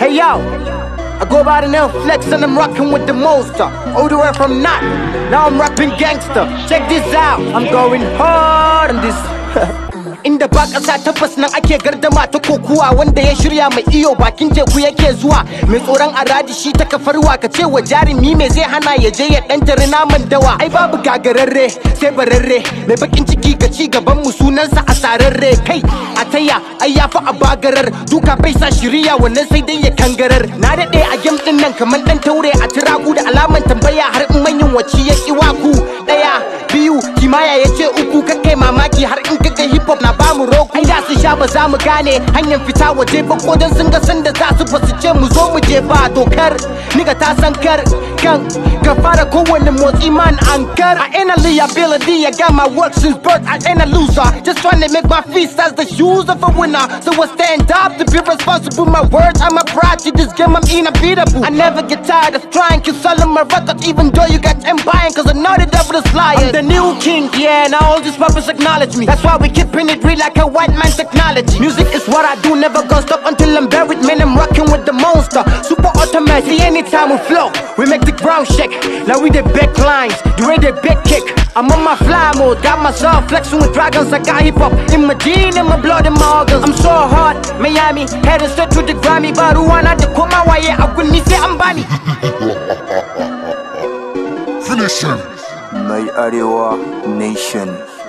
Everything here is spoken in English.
Hey yo, I go by the name Flex and I'm rocking with the monster. Odor from not, now I'm rapping gangster. Check this out, I'm going hard on this. inda ba ƙasa tabbas nan ake gardama ta kokuwa wanda ya shirya mai iyo bakin teku yake zuwa mai tsoron aradi shi ta kafarwa ka ce wa jarumi mai zai hana ya je ya dan tare naman dawa ai babu gagararre sai bararre mai bakin ciki ga ci gaban mu sunansa asararre kai tarayya ai yafi a bagarar duka bai sa shiriya wannan sai dai ya kangarar na daɗe a game din nan kamar dan taure a tiraku da alaman tambaya har in manyan wacce ya waku. ɗaya biyu kimaya ya ce uku kai mamaki har in kaga hip hop na bamu roku ai da su sha ba za mu gane hanyar fita waje ba ko dan sun ga da za su ba ce mu zo mu je ba dokar niga ta san kan ka fara kowane motsi man ankar I ain't a liability, I got my work since birth, I ain't a loser Just trying to make my feast as the shoes of a winner So I stand up to be responsible, my words I'm a pride to this game, I'm unbeatable I never get tired of trying, keep selling my records, Even though you got them buying, cause I know the devil is lying I'm the new king, yeah, now all these rappers acknowledge me That's why we keeping it real like a white man technology Music is what I do, never gonna stop until I'm buried Man, I'm rocking with the monster Super automatic, anytime we flow We make the ground shake. Now we the backlines lines, you the back kick. I'm on my fly mode, got myself flexing with dragons. I got hip hop in my gene, in my blood, in my organs. I'm so hard, Miami, headed straight to the Grammy. But who wanna the Kuma, why I couldn't see I'm bunny. Finish him. My Ariwa Nation.